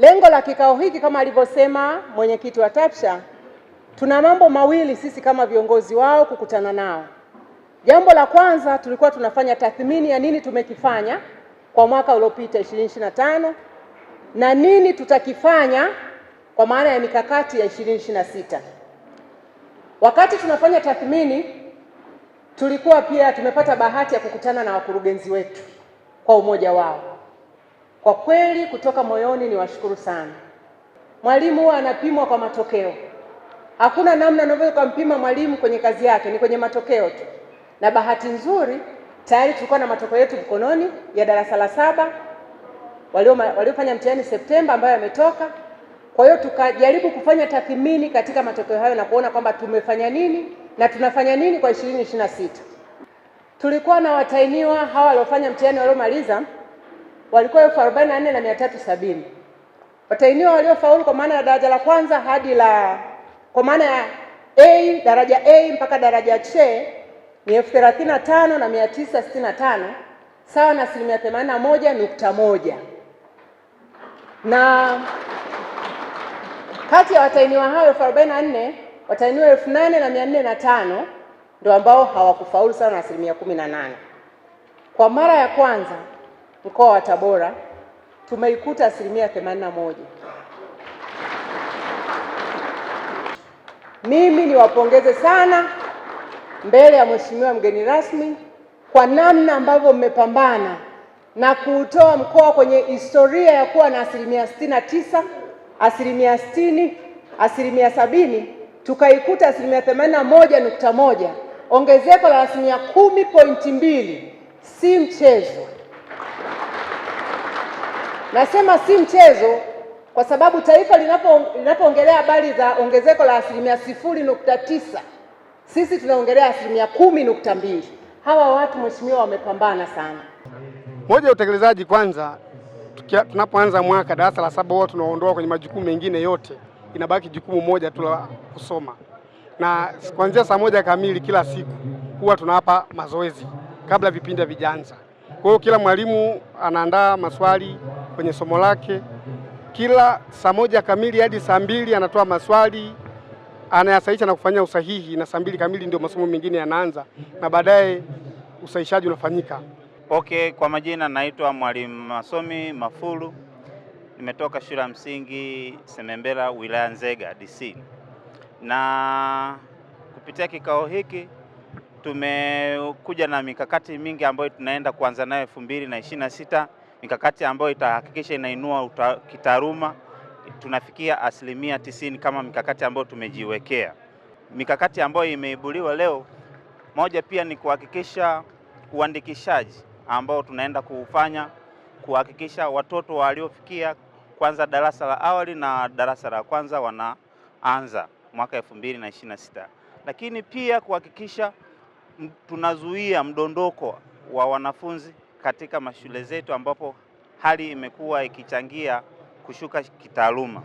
Lengo la kikao hiki kama alivyosema mwenyekiti wa TAPSHA, tuna mambo mawili sisi kama viongozi wao kukutana nao. Jambo la kwanza tulikuwa tunafanya tathmini ya nini tumekifanya kwa mwaka uliopita 2025 na nini tutakifanya kwa maana ya mikakati ya 2026. Wakati tunafanya tathmini, tulikuwa pia tumepata bahati ya kukutana na wakurugenzi wetu kwa umoja wao kwa kweli kutoka moyoni ni washukuru sana. Mwalimu huwa anapimwa kwa matokeo. Hakuna namna unaweza kumpima mwalimu kwenye kazi yake, ni kwenye matokeo tu. Na bahati nzuri tayari tulikuwa na matokeo yetu mkononi ya darasa la saba waliofanya mtihani Septemba ambayo yametoka. Kwa hiyo tukajaribu kufanya tathmini katika matokeo hayo na kuona kwamba tumefanya nini na tunafanya nini kwa 2026. Tulikuwa na watainiwa hawa waliofanya mtihani waliomaliza walikuwa elfu arobaini na nne na mia tatu sabini watahiniwa waliofaulu kwa maana ya daraja la kwanza hadi la kwa maana ya A daraja A mpaka daraja C ni elfu thelathini na tano na mia tisa sitini na tano sawa na asilimia themanini na moja nukta moja na kati ya watainiwa hao elfu arobaini na nne watainiwa elfu nane na mia nne na tano ndio ambao hawakufaulu sawa na asilimia kumi na nane kwa mara ya kwanza mkoa wa Tabora tumeikuta asilimia 81 moja. Mimi niwapongeze sana mbele ya mheshimiwa mgeni rasmi kwa namna ambavyo mmepambana na kuutoa mkoa kwenye historia ya kuwa na asilimia 69 tisa, asilimia sitini, asilimia sabini, tukaikuta asilimia themanini moja nukta moja, ongezeko la asilimia kumi pointi mbili, si mchezo. Nasema si mchezo kwa sababu taifa linapoongelea habari za ongezeko la asilimia sifuri nukta tisa sisi tunaongelea asilimia kumi nukta mbili. Hawa watu mheshimiwa, wamepambana sana. Moja ya utekelezaji kwanza, tunapoanza mwaka darasa la saba huwa tunaondoa kwenye majukumu mengine yote, inabaki jukumu moja tu la kusoma, na kuanzia saa moja kamili kila siku huwa tunawapa mazoezi kabla vipindi havijaanza. Kwa hiyo kila mwalimu anaandaa maswali kwenye somo lake. Kila saa moja kamili hadi saa mbili anatoa maswali anayasahisha na kufanya usahihi, na saa mbili kamili ndio masomo mengine yanaanza na baadaye usahishaji unafanyika. Okay, kwa majina naitwa Mwalimu Masomi Mafulu, nimetoka shule ya msingi Semembela wilaya Nzega DC, na kupitia kikao hiki tumekuja na mikakati mingi ambayo tunaenda kuanza nayo elfu mbili na ishirini na sita mikakati ambayo itahakikisha inainua kitaaluma, tunafikia asilimia tisini kama mikakati ambayo tumejiwekea. Mikakati ambayo imeibuliwa leo, moja pia ni kuhakikisha uandikishaji ambao tunaenda kuufanya kuhakikisha watoto waliofikia kwanza darasa la awali na darasa la kwanza wanaanza mwaka elfu mbili na ishirini na sita, lakini pia kuhakikisha tunazuia mdondoko wa wanafunzi katika mashule zetu ambapo hali imekuwa ikichangia kushuka kitaaluma.